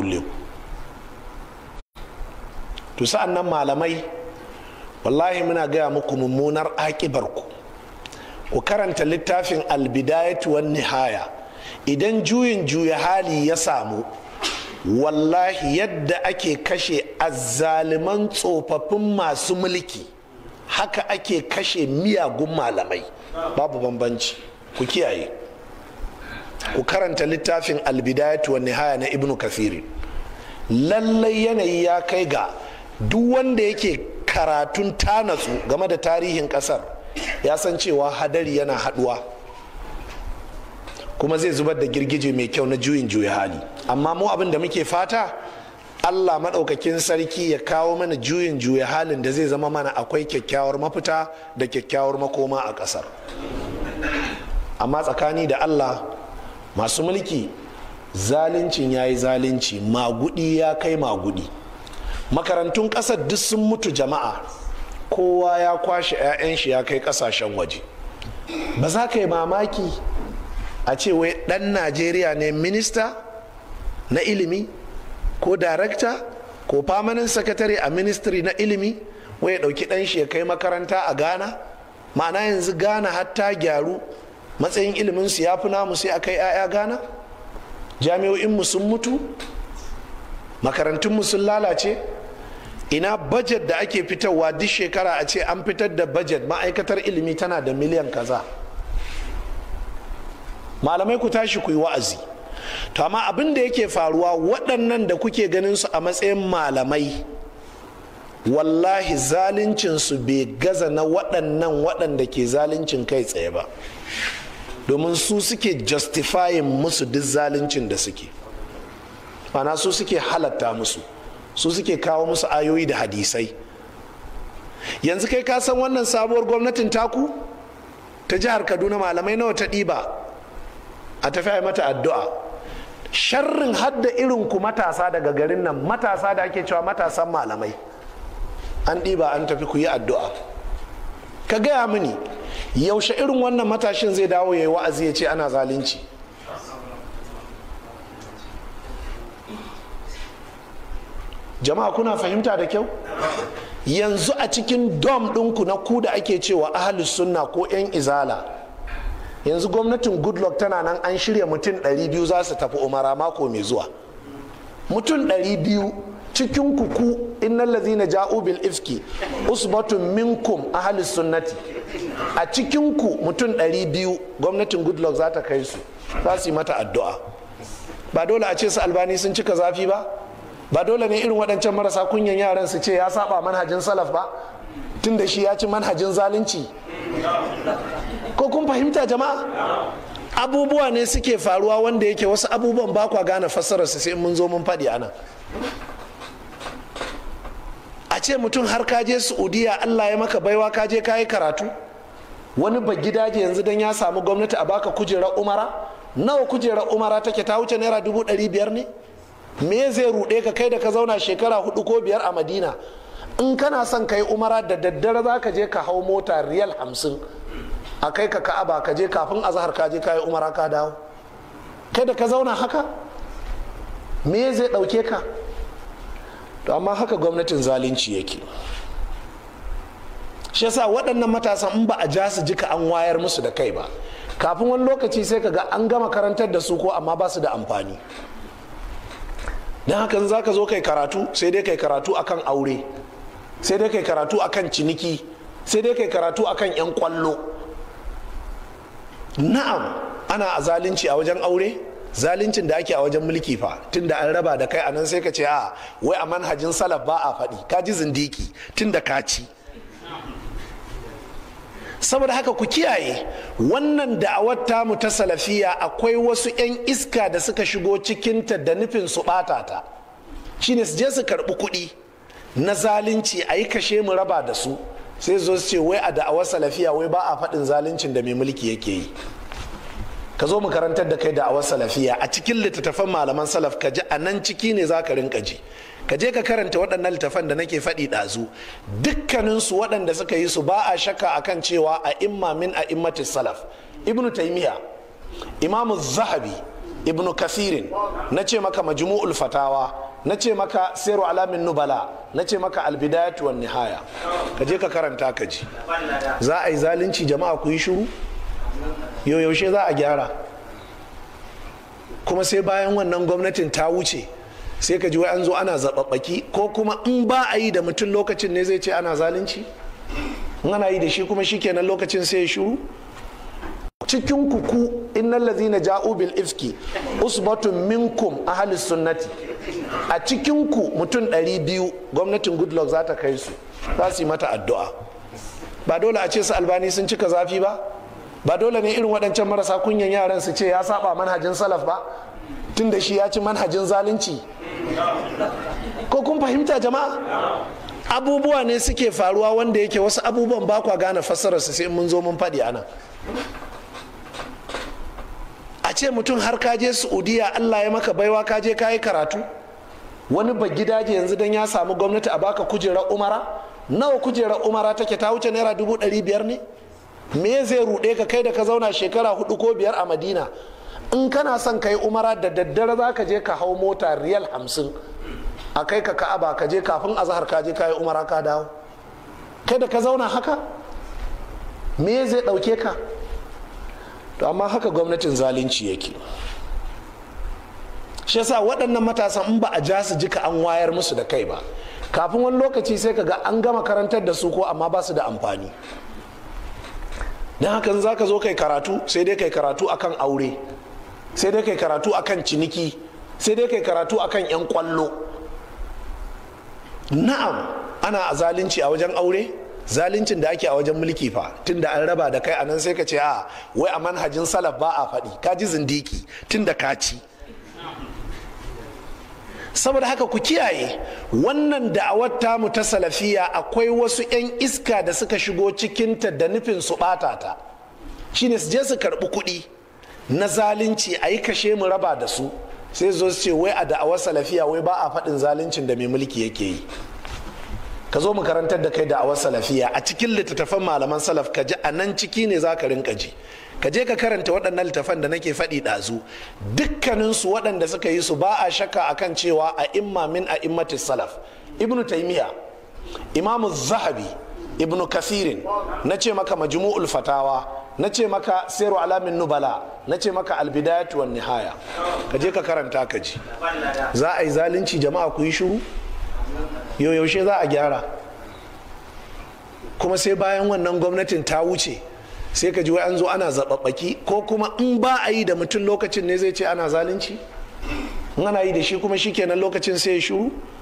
kulle ku to sa'an nan malamai wallahi muna gaya muku mummunar akibar ku ku karanta littafin albidayat wan nihaya idan juyin juya hali ya samu wallahi yadda ake kashe azzaliman tsofaffin masu mulki haka ake kashe miyagun malamai babu bambanci ku kiyaye ku karanta littafin albidayatu wa nihaya na ibnu kasiri lallai yanayi ya kai ga duk wanda yake karatun tanatsu game da tarihin kasar ya san cewa hadari yana haduwa kuma zai zubar da girgije mai kyau na juyin juya hali amma mu abin da muke fata allah maɗaukakin sarki ya kawo mana juyin juya halin da zai zama mana akwai kyakkyawar mafita da kyakkyawar makoma a ƙasar amma tsakani da allah masu mulki zalincin ya yi zalunci magudi ya kai magudi makarantun ƙasar duk sun mutu jama'a kowa ya kwashe 'ya'yan shi ya kai ƙasashen waje ba za ka yi mamaki a ce wai ɗan najeriya ne minista na ilimi ko darakta ko famanin sakatare a ministry na ilimi wai ya ɗauki ɗan shi ya kai makaranta a ghana ma'ana yanzu ghana hatta gyaru matsayin ilimin su ya fi namu sai aka yi yaya gana jami'o'in mu sun mutu makarantun mu sun lalace ina bajet da ake fitarwa duk shekara a ce an fitar da bajet ma'aikatar ilimi tana da miliyan kaza malamai ku tashi ku yi wa'azi to amma abin da yake faruwa waɗannan da kuke ganin su a matsayin malamai wallahi zaluncinsu bai gaza na waɗannan waɗanda ke zaluncin kai tsaye ba domin su suke justifying musu duk zaluncin da suke mana su suke halatta musu su suke kawo musu ayoyi da hadisai yanzu kai ka san wannan sabuwar gwamnatin taku ta jihar kaduna malamai nawa ta ɗiba a tafi mata addu'a sharrin hadda irin ku matasa daga garin nan matasa da ake cewa matasan malamai an ɗiba an tafi ku yi addu'a ka gaya mini yaushe irin wannan matashin zai dawo ya yi wa'azi ya ce ana zalunci jama'a kuna fahimta da kyau yanzu a cikin dom ɗinku na ku da ake cewa ahalus sunna ko 'yan izala yanzu gwamnatin goodluck tana nan an shirya mutum 200 za su tafi umara mako mai zuwa mutum 200 cikin kuku innal ladzina ja'u bil ifki usbatun minkum ahalus sunnati a cikin ku mutum 200 gwamnatin goodluck za ta kai su za su yi mata addu'a ba dole a ce su albani sun cika zafi ba ba dole ne irin waɗancan marasa kunyan yaran su ce ya saba manhajin salaf ba tun da shi ya ci manhajin zalunci ko kun fahimta jama'a abubuwa ne suke faruwa wanda yake wasu abubuwan ba kwa gane fassararsu sai mun zo mun faɗi anan ce mutum har ka je saudiya allah ya maka baiwa ka je ka yi karatu wani ba gidaje yanzu don ya samu gwamnati a baka kujerar umara nawa kujerar umara take ta wuce naira dubu ɗari biyar ne me zai ruɗe ka kai da ka zauna shekara hudu ko biyar a madina in kana son ka yi umara da daddare za ka je ka hau mota riyal hamsin a kai ka ka'aba ka je kafin azahar ka je ka yi umara ka dawo kai da ka zauna haka me zai ɗauke ka to amma haka gwamnatin zalunci yake shi yasa waɗannan matasan in ba a ja su jika an wayar musu da kai ba kafin wani lokaci sai ka ga an gama karantar da su ko amma ba su da amfani don haka za ka zo kai karatu sai dai kai karatu akan aure sai dai kai karatu akan ciniki sai dai kai karatu akan 'yan kwallo na'am ana a zalunci a wajen aure zaluncin da ake a wajen mulki fa tun da an raba da kai anan sai ka ce a wai a manhajin salaf ba a faɗi ka ji zindiki tun da ka ci saboda haka ku kiyaye wannan da'awar tamu ta salafiya akwai wasu 'yan iska da suka shigo cikinta da nufin su ɓata ta shine su je su karɓi kuɗi na zalunci a yi kashe mu raba da su sai zo su ce wai a da'awar salafiya wai ba a faɗin zaluncin da mai mulki yake yi ka zo mu karantar da kai da'awar salafiya a cikin littattafan malaman salaf ka ji a nan ciki ne za ka rinka ji ka je ka karanta waɗannan littafan da nake faɗi ɗazu dukkaninsu waɗanda suka yi su ba a shakka akan cewa a imma min a immati salaf ibnu taimiya imamu zahabi ibnu kasirin na ce maka majmu'ul fatawa na ce maka sayarwa alamin nubala na ce maka albidayatu wan nihaya ka je ka karanta ka ji za a yi zalunci jama'a ku yi shiru yau yaushe za a gyara kuma sai bayan wannan gwamnatin ta wuce sai ka ji wai an zo ana zaɓaɓɓaki ko kuma in ba a yi da mutum lokacin ne zai ce ana zalunci in ana yi da shi kuma shi kenan lokacin sai ya shuru cikin kuku innal ladzina ja'u bil ifki usbatun minkum ahlus sunnati a cikin ku mutum 200 gwamnatin goodluck za ta kai su za su yi mata addu'a ba dole a ce su albani sun cika zafi ba ba dole ne irin waɗancan marasa kunyan yaran su ce ya saba manhajin salaf ba tun da shi ya ci manhajin zalunci ko kun fahimta jama'a abubuwa ne suke faruwa wanda yake wasu abubuwan ba kwa gane su sai mun zo mun faɗi anan a ce mutum har ka je saudiya allah ya maka baiwa ka je ka karatu wani ba gidaje yanzu don ya samu gwamnati a baka kujerar umara nawa kujerar umara take ta wuce naira dubu ɗari biyar ne me zai ruɗe ka kai da ka zauna shekara hudu ko biyar a madina in kana son ka umara da daddare za ka je ka hau mota riyal hamsin a kai ka ka'aba ka je kafin azahar ka je ka umara ka dawo kai da ka zauna haka me zai ɗauke ka to amma haka gwamnatin zalunci yake shi yasa waɗannan matasan in ba a ja su jika an wayar musu da kai ba kafin wani lokaci sai ka ga an gama karantar da su ko amma ba su da amfani don hakan za ka zo kai karatu sai dai kai karatu akan aure sai dai kai karatu akan ciniki sai dai kai karatu akan 'yan kwallo na'am ana a zalunci a wajen aure zaluncin da ake a wajen mulki fa tunda an raba da kai anan sai ka ce a wai a manhajin salaf ba a faɗi ka ji zindiki tunda ka ci saboda haka ku kiyaye wannan da'awar tamu ta salafiya akwai wasu 'yan iska da suka shigo cikinta da nufin su ɓata ta shine su je su karɓi kuɗi na zalunci a yi kashe mu raba da su sai zo su ce wai a da'awar salafiya wai ba a faɗin zaluncin da mai mulki yake yi ka zo mu karantar da kai da awar salafiya a cikin littattafan malaman salaf ka ji a nan ciki ne za ka rinka ji ka je ka karanta waɗannan littattafan da nake faɗi ɗazu dukkaninsu waɗanda suka yi su ba a shakka akan cewa a imma min a immati salaf ibnu taimiya imamu zahabi ibnu kasirin na ce maka majmu'ul fatawa na ce maka Sayru alamin nubala na ce maka albidayatu wan nihaya ka je ka karanta ka ji za a yi zalunci jama'a ku yi shiru yau yaushe za a gyara kuma sai bayan wannan gwamnatin ta wuce sai ka ji wai an zo ana zaɓaɓɓaki ko kuma in ba a yi da mutum lokacin ne zai ce ana zalunci in ana yi da shi kuma shi kenan lokacin sai ya shuru